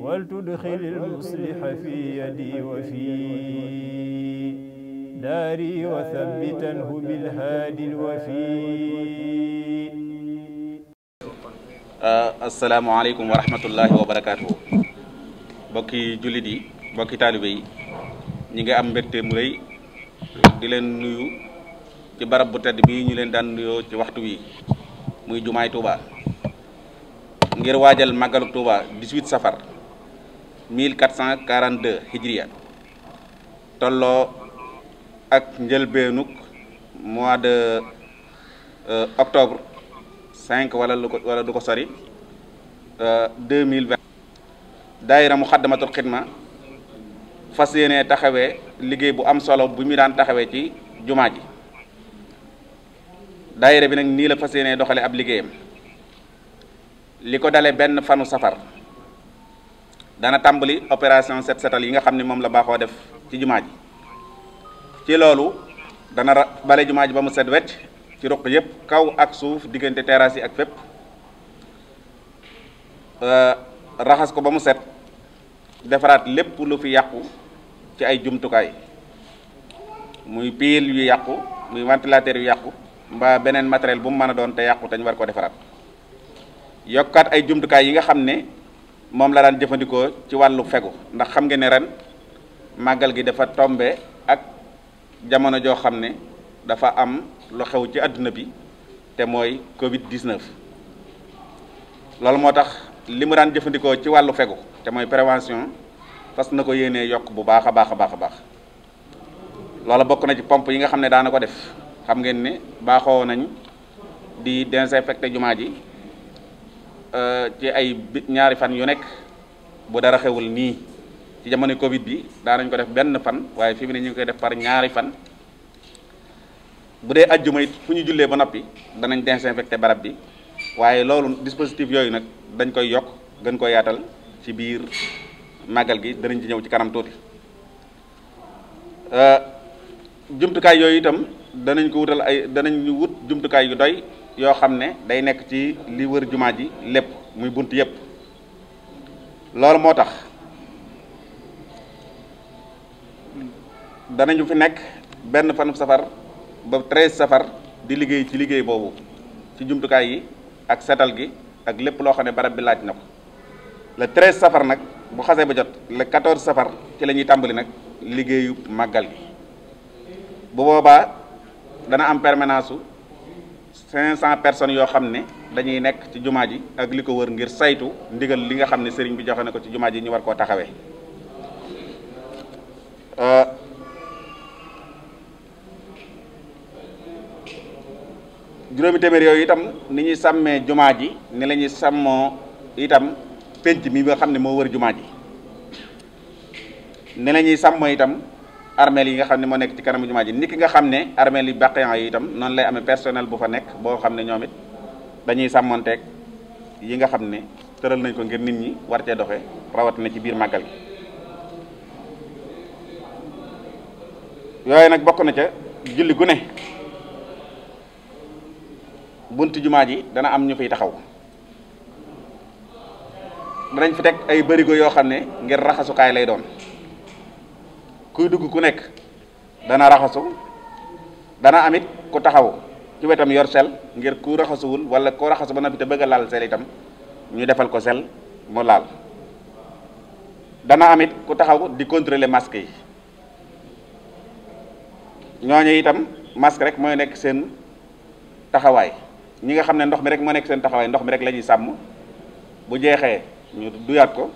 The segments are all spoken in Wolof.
ولتدخل المصلح في يدي وفي داري وثبتنه بالهادي الوفي asalaamaaleykum wa rahmatullahi wa barakaatu bokki jullit yi bokki taalibe yi ñi nga am mbégte mu rëy di leen nuyu ci barab bu tedd bi ñu leen daan nuyoo ci waxtu wi muy jumaay Touba ngir waajal màggalu Touba 18 safar 1442 hijriya tolloo ak njëlbeenuk mois de euh, octobre cinq wala lu ko wala du ko sori 2020 euh, daayira mu xaddamatul xidma fas yéene taxawee liggéey bu am solo bu mu daan taxawee ci jumaa ji daayira bi nag nii la fas yéene doxale ab liggéeyam li ko dale benn fanu safar dana tàmbali opération set setal yi nga xam ne moom la baaxoo def ci jumaa ji ci loolu dana bale jumaa ji ba mu set wecc ci ruq yëpp kaw ak suuf diggante terrasse yi ak fépp euh, raxas ko ba mu set defaraat lépp lu fi yàqu ci ay jumtukaay muy piil yu yàqu muy ventilateur yu yàqu mbaa beneen matériel bu mu mën a doon te yàqu te ñu war ko defaraat yokkaat ay jumtukaay yi nga xam ne moom la daan jëfandikoo ci wàllu fegu ndax xam nga ne ren màggal gi dafa tombe ak jamono joo xam ne dafa am lu xew ci àdduna bi te mooy Covid 19. loolu moo tax li mu daan jëfandikoo ci wàllu fegu te mooy prévention fas na ko yéenee yokk bu baax a baax a baax a baax loolu bokk na ci pompe yi nga xam ne daana ko def xam ngeen ni baaxoo nañ di désinfecté jumaa ji. Euh, ci ay ñaari fan yu nekk bu dara xewul nii ci jamono Covid bi daanañ ko def benn fan waaye fi mu ne ñu ngi koy def par ñaari fan bu dee ajjuma it fu ñu jullee ba noppi danañ te barab bi waaye loolu dispositif yooyu nag dañ koy yokk gën koy yaatal ci biir màggal gi danañ ci ñëw ci kanam tuuti euh, jumtukaay yooyu itam danañ ko wutal ay danañ wut jumtukaay yu doy. yoo xam ne day nekk ci li wër jumaa ji lépp muy bunt yépp loolu moo tax danañu fi nekk benn fanu safar ba treize safar di liggéey ci liggéey boobu ci jumtukaay yi ak setal gi ak lépp loo xam ne barab bi laaj na ko le treize safar nag bu xasee ba jot le quatorze safar ci lañuy tàmbali nag liggéeyu màggal gi bu boobaa dana am permanence cinq cent personnes yoo xam ne dañuy nekk ci jumaa ji ak li ko wër ngir saytu ndigal li nga xam ne sëriñ bi joxe na ko ci jumaa ji ñu war koo taxawee euh, juróomi téeméer yooyu itam ni ñuy sàmmee jumaa ji ni lañuy sàmmoo itam pénc mi nga xam ne moo wër jumaa ji ni la ñuy sàmmoo itam armeel yi nga xam ne moo nekk ci kanamu jumaa ji ni ki nga xam ne armeel yi baqiyan yi itam noonu lay amee personnel bu fa nekk boo xam ne ñoom it dañuy sàmmonteeg yi nga xam ne tëral nañ ko ngir nit ñi war cee doxe rawatina ci biir màggal yooyu nag bokk na ca julli gu bunt jumaa ji dana am ñu fiy taxaw danañ fi teg ay bërigo yoo xam ne ngir raxasukaay lay doon kuy dugg ku nekk dana raxasu dana amit ku taxaw ci wetam yor sel ngir ku raxasuwul wala ku raxasu ba noppi te bëgg a laal sel itam ñu defal ko sel mu laal dana amit ku taxaw di contrôler masque yi ñooñu itam masque rek mooy nekk seen taxawaay ñi nga xam ne ndox mi rek moo nekk seen taxawaay ndox mi rek la ñuy sàmm bu jeexee ñu duyaat ko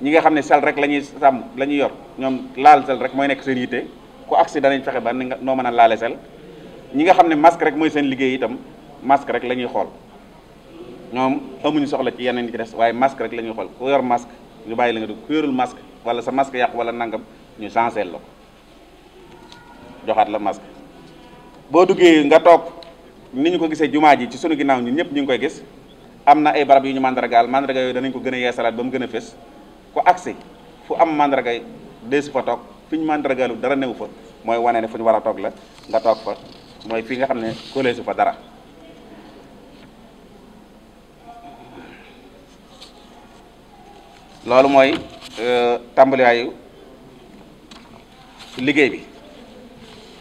ñi nga xam ne sel rek la ñuy sàmm la ñuy yor ñoom laal sel rek mooy nekk seen yitte ku agsi danañ fexe ba ni noo mën a laale sel ñi nga xam ne masque rek mooy seen liggéey itam masque rek la ñuy xool ñoom amuñu soxla ci yeneen yi ci des waaye masque rek la ñuy xool ku yor masque ñu bàyyi la nga dugg ku yorul masque wala sa masque yàq wala nangam ñu changé la ko joxaat la masque boo duggee nga toog ni ñu ko gisee jumaa ji ci sunu ginnaaw ñi ñëpp ñu ngi koy gis am na ay barab yu ñu mandargaal mandarga yooyu danañ ko gën a yeesalaat ba mu gën a ku agsi fu am mandarga deesu fa toog fi ñu mandargalu dara newu fa mooy wane ne fu ñu war a toog la nga toog fa mooy fii nga xam ne koleesu fa dara loolu mooy euh, tàmbaliwaayu liggéey bi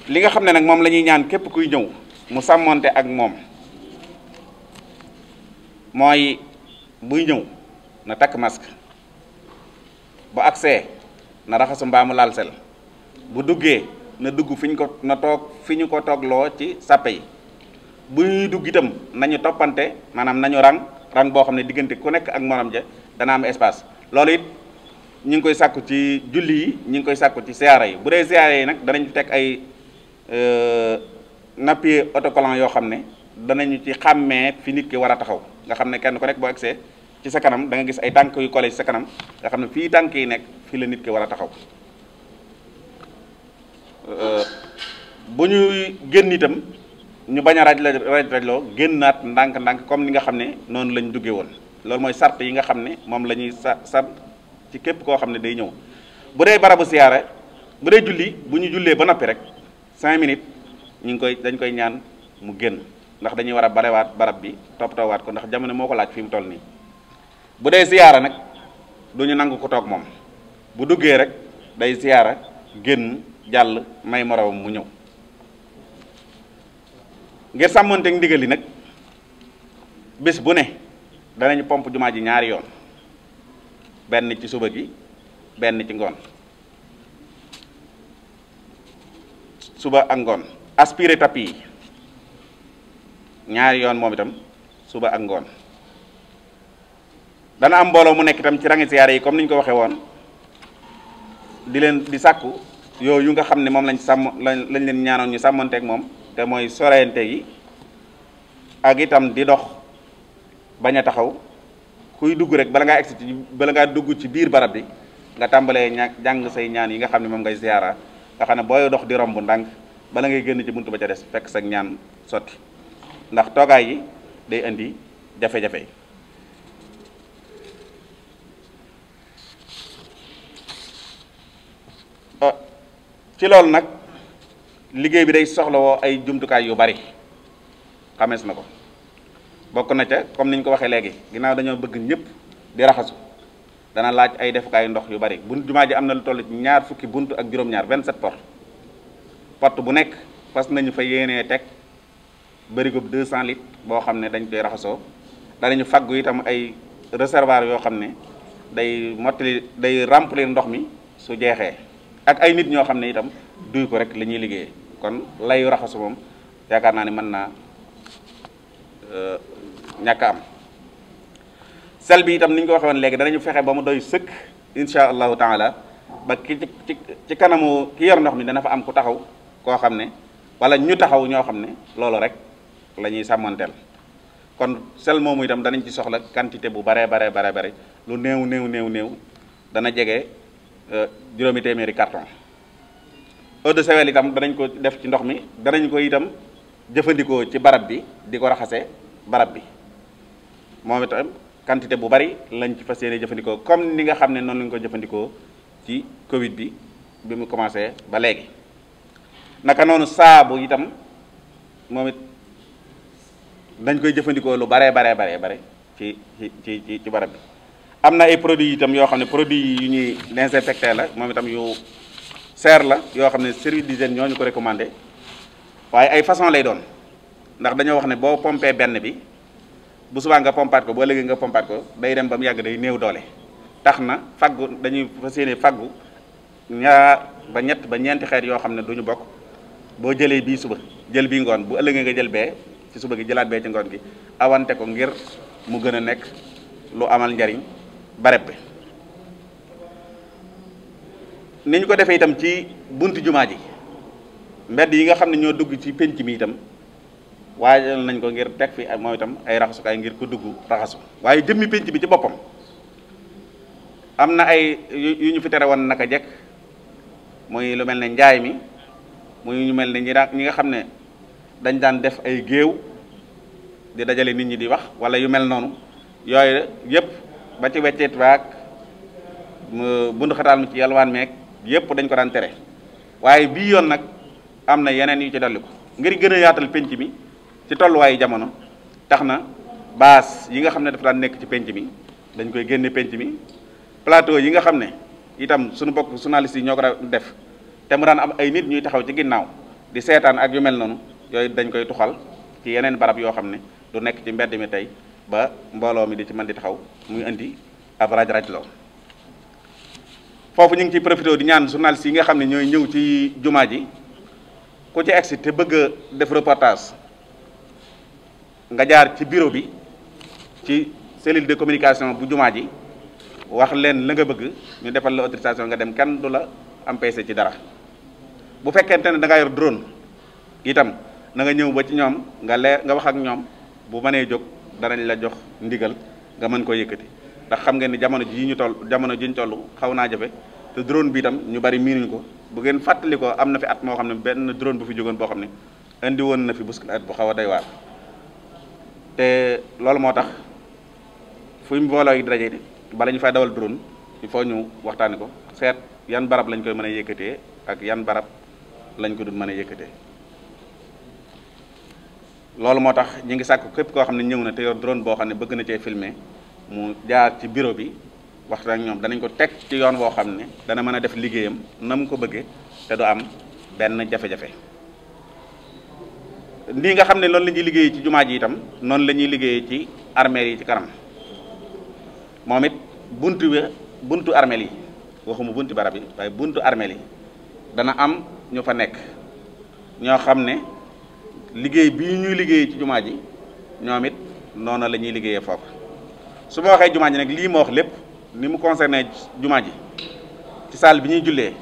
li nga xam ne nag moom la ñuy ñaan képp kuy ñëw mu sàmmoonte ak moom mooy buy ñëw na takk masque bu agsee na raxasu mbaamu laal sel bu duggee na dugg fi ñu ko na toog fi ñu ko loo ci sàppe yi bu ñuy dugg itam nañu toppante maanaam nañu rang rang boo xam ne diggante ku nekk ak morom ja dana am espace loolu it ñu ngi koy sàkku ci julli yi ñu ngi koy sàkku ci siyaara yi bu dee siyaara yi nag danañu teg ay euh, nappier autocollant yoo xam ne danañu ci xàmmee fi nit ki war a taxaw nga xam ne kenn ko nekk boo agsee ci sa kanam da nga gis ay tànk yu collé ci sa kanam nga xam ne fii tànk yi nekk fii la nit ki war a taxaw euh, bu ñuy génn itam ñu bañ a raj loo rajloo naat ndànk-ndànk comme ni nga xam ne noonu lañ duggee woon loolu mooy sart yi nga xam ne moom la ñuy sa sart ci képp koo xam ne day ñëw bu dee barabu siyaare bu dee julli bu ñu jullee ba noppi rek cinq minutes ñu ngi koy dañ koy ñaan mu génn ndax dañuy war a barewaat barab bi topp waat ko ndax jamono moo ko laaj fi mu toll nii bu dee ziyaara nag duñu nangu ko toog moom bu duggee rek day ziyaara génn jàll may moroomam mu ñëw ngir sàmmanteeg ndigal yi nag bis bu ne danañu pomp jumaa ji ñaari yoon benn ci suba gi benn ci ngoon suba ak ngoon aspiré tapis yi ñaari yoon moom itam suba ak ngoon dana am mbooloo mu nekk itam ci rangi siyaare yi comme ni ñu ko waxee woon di leen di sàkku yooyu nga xam ne moom lañ sàmm lañ leen ñaanoon ñu sàmmanteeg moom te mooy soreyante yi ak itam di dox bañ a taxaw kuy dugg rek bala ngaa egsi ci bala ngaa dugg ci biir barab bi nga tàmbalee ñàkk jàng say ñaan yi nga xam ne moom ngay ziyaara nga xam ne booy dox di romb ndànk bala ngay génn ci bunt ba ca des fekk sa ñaan sotti ndax toogaay yi day indi jafe-jafe Ah, ci loolu nag liggéey bi day soxlawoo ay jumtukaay yu bari xamees na ko bokk na ca comme ni ñu ko waxee léegi ginnaaw dañoo bëgg ñëpp di raxasu dana laaj ay defukaayu ndox yu bari bunt jumaa ji am na lu toll ci ñaar fukki bunt ak juróom-ñaar 27 porte porte bu nekk fas nañu fa yéenee teg bërigo cent litres boo xam ne dañ koy raxasoo danañu faggu itam ay réservoir yoo xam ne day mottali day remplir ndox mi su jeexee ak ay nit ñoo xam ne itam duy ko rek la ñuy liggéeyee kon lay raxasu moom yaakaar naa ne man naa euh, ñàkk am sel bi itam ni ñu ko waxee léegi danañu fexe ba mu doy sëkk insha allahu taala ba ki ci kanamu ki yor ndox mi dana fa am ku taxaw koo xam ne wala ñu taxaw ñoo xam ne loolu rek lañuy ñuy sàmmanteel kon sel moomu itam danañ ci soxla quantité bu baree baree baree bare lu néew néew néew néew dana jege Euh, juróomi téeméeri carton eau de Javel itam danañ ko def ci ndox mi danañ ko itam jëfandikoo ci barab bi di ko raxase barab bi moom itam quantité bu bari lañ ci fas yéene jëfandikoo comme ni nga xam ne noonu lañ ko jëfandikoo ci Covid bi bi mu commencé ba léegi naka noonu saabu itam moom it dañ koy jëfandikoo lu baree baree baree bare ci ci ci ci barab bi am na ay produits itam yoo xam ne produit yu ñuy désinfecté la moom itam yu seer la yoo xam ne service d'hygiène ñoo ñu ko recommandé waaye ay façon lay doon ndax dañoo wax ne boo pompé benn bi bu subaa nga pompaat ko boo léegi nga pompaat ko day dem ba mu yàgg day néew doole tax na faggu dañuy fas yéene faggu ñaar ba ñett ba ñeenti xeet yoo xam ne du ñu bokk boo jëlee bii suba jël bii ngoon bu ëllëgee nga jël bee ci suba gi jëlaat bee ci ngoon gi awante ko ngir mu gën a nekk lu amal njariñ barab bi ni ñu ko defee itam ci bunt jumaa ji mbedd yi nga xam ne ñoo dugg ci penc mi itam waajal nañ ko ngir teg fi ak mooy itam ay raxasukaay ngir ko dugg raxasu waaye jëmmi penc bi ci boppam am na ay yu ñu fi tere woon naka jekk muy lu mel ne njaay mi muy ñu mel ne ñi daan nga xam ne dañ daan def ay géew di dajale nit ñi di wax wala yu mel noonu yooyu yëpp ba ci wecceet waag bundu xataal mu ci yalwaan meeg yépp dañ ko daan tere waaye bii yoon nag am na yeneen yu ci dolli ko ngir gën a yaatal penc mi ci tolluwaayu jamono tax na baas yi nga xam ne dafa daan nekk ci penc mi dañ koy génne pénc mi plateau yi nga xam ne itam sunu bokk journaliste yi ñoo ko daan def te mu daan am ay nit ñuy taxaw ci ginnaaw di seetaan ak yu mel noonu yooyu dañ koy tuxal ci yeneen barab yoo xam ne du nekk ci mbedd mi tey ba mbooloo mi di ci mën di taxaw muy indi ab raj raj loo foofu ñu ngi ciy profité di ñaan journaliste yi nga xam ne ñooy ñëw ci jumaa ji ku ci egsi te bëgg a def reportage nga jaar ci bureau bi ci cellule de communication bu jumaa ji wax leen la nga bëgg ñu defal la autorisation nga dem kenn du la empêché ci dara bu fekkente ne da nga yor drone itam na nga ñëw ba ci ñoom nga leer nga wax ak ñoom bu mënee jóg danañ la jox ndigal nga mën ko yëkkati ndax xam nga ni jamono ji ñu toll jamono ji ñu toll xaw naa jafe te drone bi itam ñu bari miinuñ ko bu ngeen fàttali ko am na fi at moo xam ne benn drone bu fi jógoon boo xam ne indi woon na fi at bu xaw a doy waar te loolu moo tax fuy mbooloo yi daje di bala ñu fay dawal drone il faut ñu waxtaani ko seet yan barab lañ koy mën a yëkkatee ak yan barab lañ ko dul mën a yëkkatee loolu moo tax ñu ngi sàkk képp koo xam ne ñëw na te yor drone boo xam ne bëgg na cee filmer mu jaar ci bureau bi waxtaan ak ñoom danañ ko teg ci yoon woo xam ne dana mën a def liggéeyam na mu ko bëggee te du am benn jafe-jafe. lii nga xam ne loolu lañuy liggéey ci jumaa ji itam noonu lañuy ñuy ci armeel yi ci kanam moom it buntu bi buntu armeel yi waxuma buntu barab yi waaye buntu armeel yi dana am ñu fa nekk ñoo xam ne. liggéey bi ñuy liggéey ci jumaa ji ñoom it noonu la ñuy liggéeyee foofu su ma waxee jumaa ji nag lii ma wax lépp ni mu concerné jumaa ji ci salle bi ñuy jullee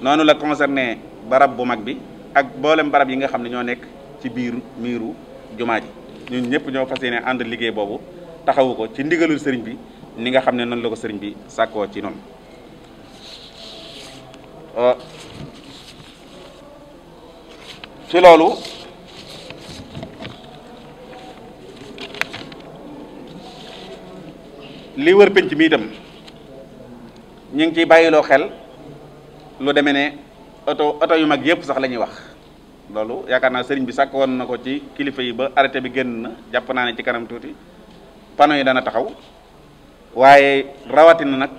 noonu la concerné barab bu mag bi ak boolem barab yi nga xam ne ñoo nekk ci biir miiru jumaa ji ñun ñëpp ñoo fas yéene ànd liggéey boobu taxawu ko ci ndigalul sëriñ bi ni nga xam ne noonu la ko sëriñ bi sàkkoo ci noonu euh, ci loolu li wër pénc mi itam ñu ngi ciy bàyyiloo xel lu demee ne oto oto yu mag yëpp sax la ñuy wax loolu yaakaar naa sëriñ bi sàkk woon na ko ci kilifa yi ba arrêté bi génn na jàpp naa ne ci kanam tuuti panneau yi dana taxaw waaye rawatina nag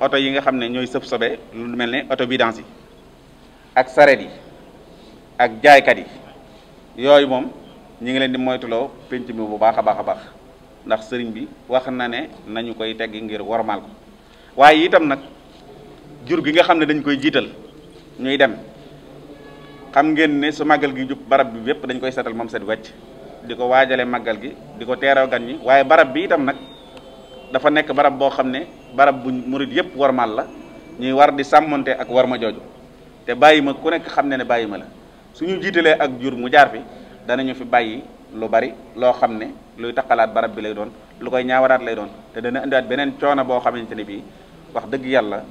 oto yi nga xam ne ñooy sëf sobe lu mel ne oto vidange yi ak sareet yi ak jaaykat yi yooyu moom ñu ngi leen di moytuloo pénc mi bu baax a baax a baax ndax sëriñ bi wax na ne nañu koy teggi ngir wormaal ko waaye itam nag jur gi nga xam ne dañ koy jiital ñuy dem xam ngeen ne su màggal gi jub barab bi yépp dañ koy setal moom set wecc di ko waajale màggal gi di ko teeroo gan ñi waaye barab bi itam nag dafa nekk barab boo xam ne barab bu murit yépp wormaal la ñuy war di sàmmonte ak war ma jooju te bàyyi ma ku nekk xam ne ne bàyyi ma la suñu jiitalee ak jur mu jaar fi danañu fi bàyyi lu bari loo xam ne luy taqalaat barab bi lay doon lu koy ñaawaraat lay doon te dana indiwaat beneen coono boo xamante ne bii wax dëgg yàlla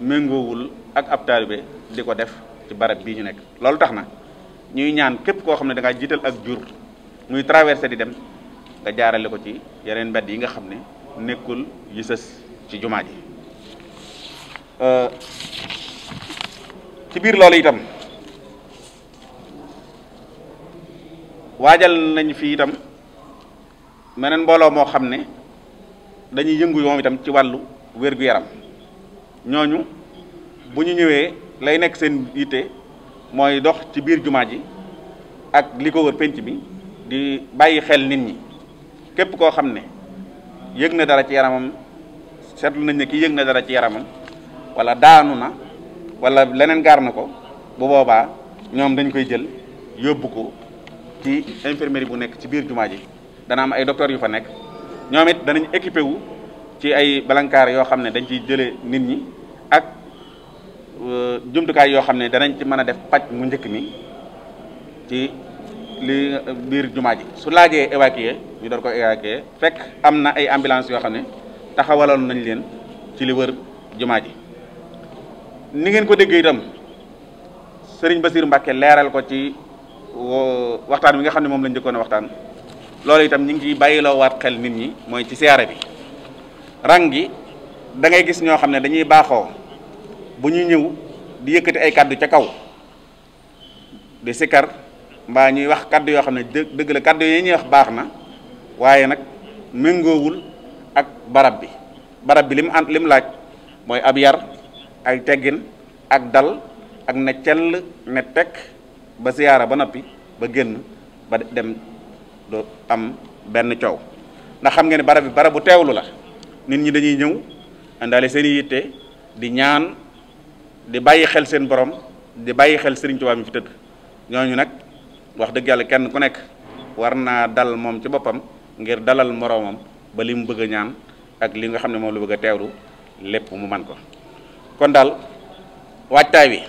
méngoowul ak ab taalibe di ko def ci barab bii ñu nekk loolu tax na ñuy ñaan képp koo xam ne da jiital ak jur muy traversé di dem nga jaarale ko ci yeneen mbedd yi nga xam ne nekkul yu sës ci jumaa ji euh, ci biir loolu itam waajal nañ fii itam meneen mbooloo moo xam ne dañuy yëngu moom itam ci wàllu wér-gu-yaram ñooñu bu ñu ñëwee lay nekk seen yitte mooy dox ci biir jumaa ji ak li ko wër pénc bi di bàyyi xel nit ñi képp koo xam ne yëg na dara ci yaramam seetlu nañ ne ki yëg na dara ci yaramam wala daanu na wala leneen gaar na ko bu boobaa ñoom dañ koy jël yóbbu ko ci infirmerie bu nekk ci biir jumaa ji dana am ay docteurs yu fa nekk ñoom it danañ équipé wu ci ay balankaar yoo xam ne dañ ciy jëlee nit ñi ak euh, jumtukaay yoo xam ne danañ ci mën a def paj mu njëkk mi ci li euh, biir jumaa ji su laajee évacuer ñu dal ko évacuer fekk am na ay ambulance yoo xam ne taxawaloon nañ leen ci li wër jumaa ji ni ko déggee itam Serigne Bassirou Mbacké leeral ko ci waxtaan wi nga xam ne moom lañ njëkkoon a waxtaan loolu itam ñu ngi ciy bàyyiloo waat xel nit ñi mooy ci siyaare bi rang gi dangay gis ñoo xam ne dañuy baaxoo bu ñu ñëw di yëkkati ay kàddu ca kaw di sikar mbaa ñuy wax kàddu yoo xam ne dë dëgg la kàddu yi ñuy wax baax na waaye nag méngoowul ak barab bi barab bi lim mu lim laaj mooy ab yar ay teggin ak dal ak ne cell ne tek ba siyaara ba noppi ba génn ba dem du am benn coow ndax xam nga ne barab bi bara bu teewlu la nit ñi dañuy ñëw àndaale seen i yitte di ñaan di bàyyi xel seen boroom di bàyyi xel Sëriñ Tuubaa mi fi tëdd ñooñu nag wax dëgg yàlla kenn ku nekk war naa dal moom ci boppam ngir dalal moroomam ba li mu bëgg a ñaan ak li nga xam ne moom lu bëgg a teewlu lépp mu man ko kon daal waajtaay wi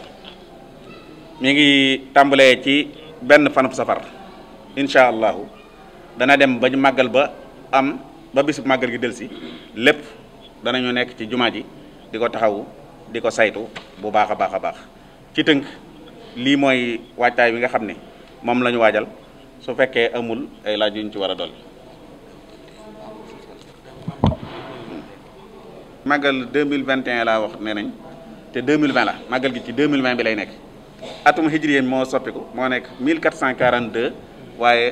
mi ngi tàmbalee ci benn fanub safar incha allahu dana dem ba màggal ba am ba bisub màggal gi delsi lépp danañu nekk ci jumaa ji di ko taxawu di ko saytu bu baax a baax a baax ci tënk lii mooy waajtaay bi nga xam ni moom la ñu waajal su fekkee amul ay laaj yu ñu ci war a dolli. màggal 2021 laa wax ne nañ te 2020 la màggal gi ci 2020 bi lay nekk. atum hijriyen moo soppiku moo nekk 1442 waaye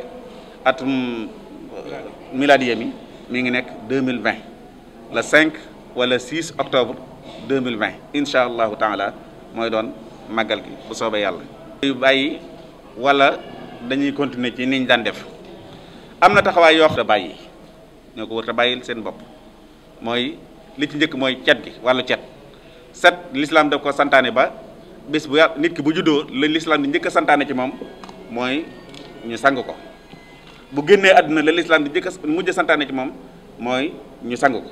atum euh, miladiye mi mi ngi nekk 2020 le 5 wala 6 octobre 2020 incha allahu taala mooy doon màggal gi bu soobee yàlla. yu bàyyi wala dañuy continuer ci niñ daan def am na taxawaay yoo xam ne bàyyi ñoo ko war bàyyi seen bopp mooy li ci njëkk mooy cet gi wàllu cet set l'islam daf ko santaane ba. bis bu yàlla nit ki bu juddoo la lislaam di njëkk a ci moom mooy ñu sang ko bu génnee àdduna la lislaam di njëkk a mujj santaane ci moom mooy ñu sangu ko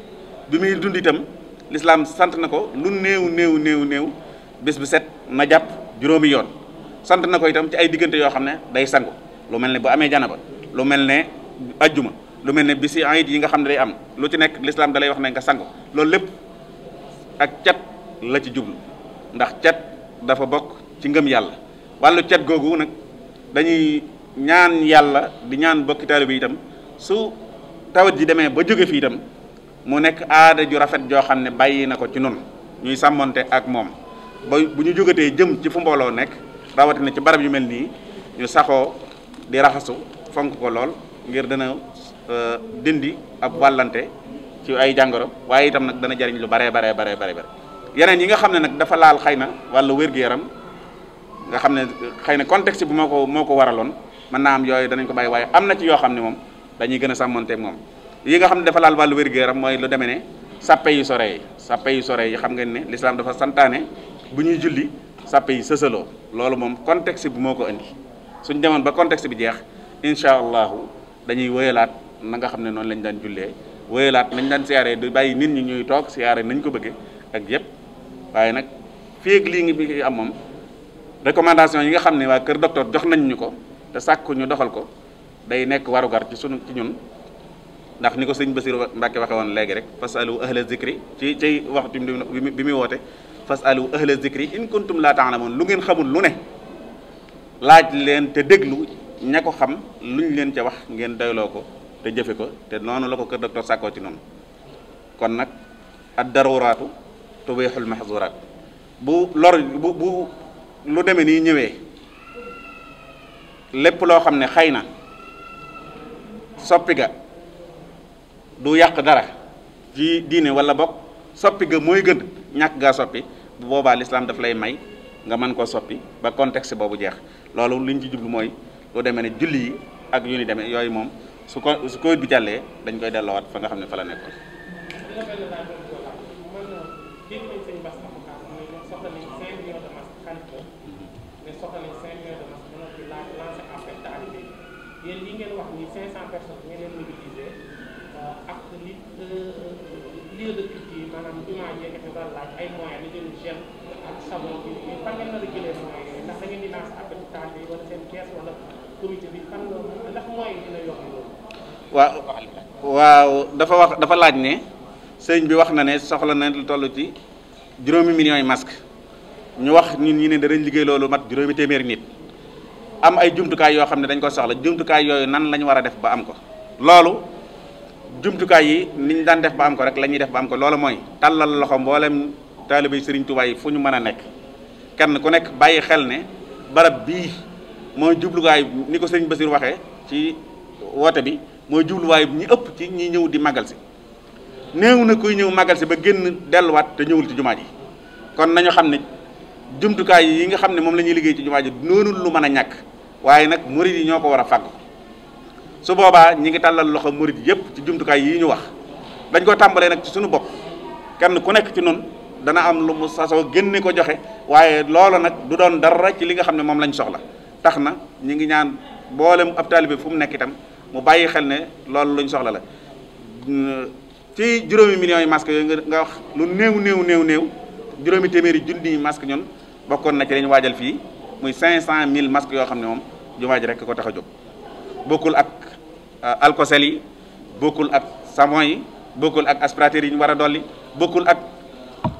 bi muy dund itam lislaam sant na ko lu néew néew néew néew bis bu set na jàpp juróomi yoon sant na ko itam ci ay diggante yoo xam ne day sangu lu mel ne bu amee janaba lu mel ne ajjuma lu mel ne bisi ayit yi nga xam ne day am lu ci nekk lislaam da lay wax ne nga sangu loolu lépp ak cat la ci jublu ndax cat dafa bokk ci ngëm yàlla wàllu cet googu nag dañuy ñaan yàlla di ñaan bokki bi itam su tawat ji demee ba jóge fii itam mu nekk aada ju rafet joo xam ne bàyyi na ko ci nun ñuy sàmmonte ak moom ba bu ñu jógatee jëm ci fu mbooloo nekk rawatina ci barab yu mel nii ñu saxoo di raxasu fonk ko lool ngir dana euh, dindi ab wàllante ci ay jàngoro waaye itam nag dana jariñ lu baree baree baree bare yeneen yi nga xam ne nag dafa laal xëy na wàllu wér-gu-yaram nga xam ne xëy na contexte bi moo ko moo ko waraloon mën naa am yooyu danañ ko bàyyi waaye am na ci yoo xam ne moom dañuy gën a sàmmonteeg moom yi nga xam ne dafa laal wàllu wér-gu-yaram mooy lu deme ne sàppe yu sore yi sàppe yu sore yi xam ngeen ne l'islam dafa santaane bu ñuy julli sàppe yi sësaloo loolu moom contexte bi moo ko indi suñ demoon ba contexte bi jeex incha allahu dañuy wéyalaat na nga xam ne noonu lañ daan jullee wéyalaat nañ daan siyaaree du bàyyi nit ñi ñuy toog siyaaree nañ ko bëggee ak yëpp waaye nag féeg lii ngi bi am moom recommandation yi nga xam ne waa kër docteur jox nañ ñu ko te sàkku ñu doxal ko day nekk warugar ci sunu ci ñun ndax ni ko sëñ Basiru Mbàkke waxe woon léegi rek fasalu ahla zikri ci ci waxtu bi muy woote fasalu ahla zikri in kuntum laa taalamoon lu ngeen xamul lu ne laaj leen te déglu ña ko xam luñ leen ca wax ngeen doyloo ko te jëfe ko te noonu la ko kër docteur sàkkoo ci noonu kon nag ad daruraatu tubeexul mahzuraat bu lor bu bu lu demee nii ñëwee lépp loo xam ne xëy na soppi ga du yàq dara ci diine wala bokk soppi ga mooy gën ñàkk gaa soppi bu boobaa lislaam daf lay may nga mën koo soppi ba contexte boobu jeex loolu luñ ci jublu mooy lu demee ne julli yi ak yu ni demee yooyu moom su ko su Covid bi jàllee dañ koy delloowaat fa nga xam ne fa la nekkoon dégg nañ sëñ Bass avocat mooy ñoom ngeen wax ni 500 personnes ngeen leen mobiliser euh, ak li euh, euh, lieu de ak savon bi mais fan ngeen nar a jëlee moyens yooyu ndax da ngeen di lancer appel d' seen caisse wala comité bi fan la waaw waaw dafa wax dafa laaj ne. sëñ bi wax na ne soxla na lu toll ci juróomi million yi masque ñu wax nit ñi ne danañ liggéey loolu mat juróomi téeméeri nit am ay jumtukaay yoo xam ne dañ ko soxla jumtukaay yooyu nan la ñu war a def ba am ko loolu jumtukaay yi ni ñu daan def ba am ko rek la ñuy def ba am ko loolu mooy tàllal loxo mboolem taalibe Sëriñ Tuubaa yi fu ñu mën a nekk kenn ku nekk bàyyi xel ne barab bii mooy jubluwaay ni ko sëriñ Basiir waxee ci woote bi mooy jubluwaay ñu ëpp ci ñi ñëw di màggal si néew na koy ñëw màggal si ba génn delluwaat te ñëwul ci jumaa ji kon nañu xam ne jumtukaay yi nga xam ne moom la ñuy liggéey ci jumaa ji noonul lu mën a ñàkk waaye nag murid yi ñoo ko war a fàgg su boobaa ñi ngi tàllal loxo murid yëpp ci jumtukaay yi ñu wax dañ ko tàmbalee nag ci suñu bopp kenn ku nekk ci noonu dana am lu mu sasoo génne ko joxe waaye loolu nag du doon dara ci li nga xam ne moom lañ soxla tax na ñu ngi ñaan boolem ab taalibe fu mu nekk itam mu bàyyi xel ne loolu luñ soxla la ci juróomi millions yi masques yooyu nga wax lu néew néew néew néew juróomi téeméeri junniy masques ñun bokkoon na ci dañ waajal fii muy cinq cent mille masques yoo xam ne moom jumaa ji rekk ko tax a jóg bokkul ak euh, alcosel yi bokkul ak savon yi bokkul ak aspirateur yi ñu war a dolli bokkul ak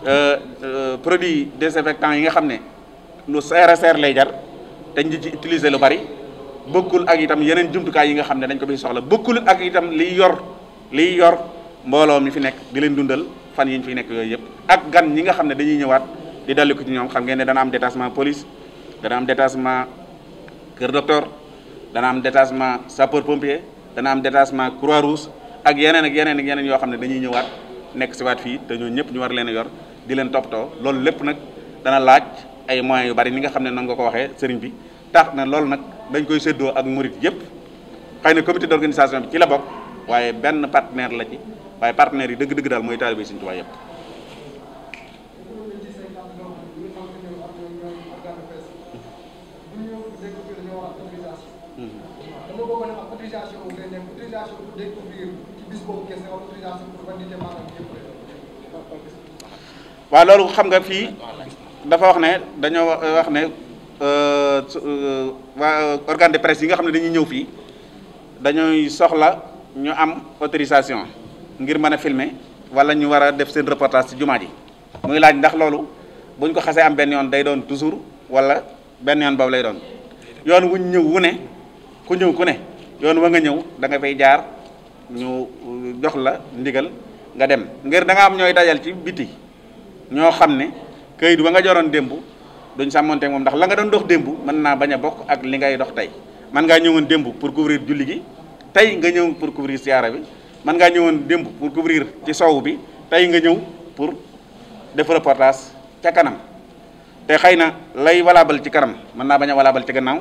euh, euh, produit désinfectant yi nga xam ne lu seer a seer lay jar te ñu ci utiliser lu bari bokkul ak itam yeneen jumtukaay yi nga xam ne dañ ko bi soxla bokkul ak itam liy yor liy yor mbooloo mi fi nekk di leen dundal fan yi ñu fi nekk yooyu yëpp ak gan ñi nga xam ne dañuy ñëwaat di dalli ko ci ñoom xam ngeen ne dana am détachement police dana am détachement kër docteur dana am détachement sapor pompier dana am détachement croix rouge ak yeneen ak yeneen ak yoo xam ne dañuy ñëwaat nekk si waat fii te ñoo ñëpp ñu war leen a yor di leen toppatoo loolu lépp nag dana laaj ay moyens yu bari ni nga xam ne nan nga ko waxee sëriñ bi tax na loolu nag dañ koy séddoo ak murit yëpp xëy na comité d'organisation bi ci la bokk waaye benn partenaire la ci waaye partenaires yi dëgg-dëgg daal mooy taalibe Sëriñ Tuubaa yëpp. waaw loolu xam nga fii dafa wax ne dañoo wax ne euh, waa euh, organe de presse yi nga xam ne dañuy ñëw fii dañuy soxla ñu am autorisation ngir mën a filmer wala ñu war a def seen reportage ci jumaa ji muy laaj ndax loolu bu ñu ko xasee am benn yoon day doon toujours wala benn yoon boobu lay doon yoon wuñ ñëw wu ne ku ñëw ku ne yoon wa nga ñëw da nga fay jaar ñu jox la ndigal nga dem ngir da am ñooy dajal ci biti ñoo xam ne kayit wa nga joroon démb duñ sàmmonte moom ndax la nga doon dox démb mën naa bañ a bokk ak li ngay dox tey man ngaa ñëwoon démb pour couvrir julli gi tey nga ñëw pour couvrir siyaara bi man ngaa ñëwoon démb pour couvrir ci sow bi tey nga ñëw pour def reportage ca kanam te xëy na lay walaabal ci kanam mën naa bañ a walaabal ci gannaaw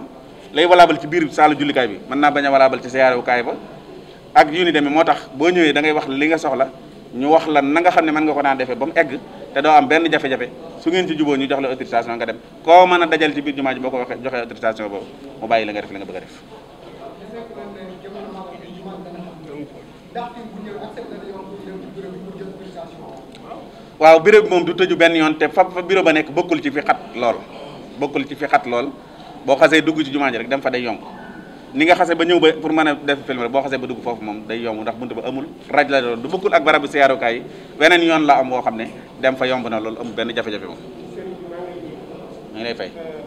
lay walaabal ci biir saalu jullikaay bi mën naa bañ a walaabal ci siyaarewukaay ba ak yu ni demee moo tax boo ñëwee da ngay wax li nga soxla ñu wax la na nga xam ne mën nga ko naan defee ba mu egg te doo am benn jafe-jafe su ngeen ci juboo ñu jox la autorisation nga dem koo mën a dajal ci biir jumaa waxee joxee autorisation boobu mu bàyyi la nga def la nga bëgg a waaw bureau bi moom du tëju benn yoon te fa fa bureau ba nekk bokkul ci fi xat lool bokkul ci fi xat lool boo xasee dugg ci jumaa ji rek dem fa day yomb ni nga xase ba ñëw ba pour mën a def film rek boo xasee ba dugg foofu moom day yomb ndax bunt ba amul raj la doon du bokkul ak barabu siyaarukaay yi beneen yoon la am boo xam ne dem fa yomb na loolu amul benn jafe-jafe moom ñu ngi lay fay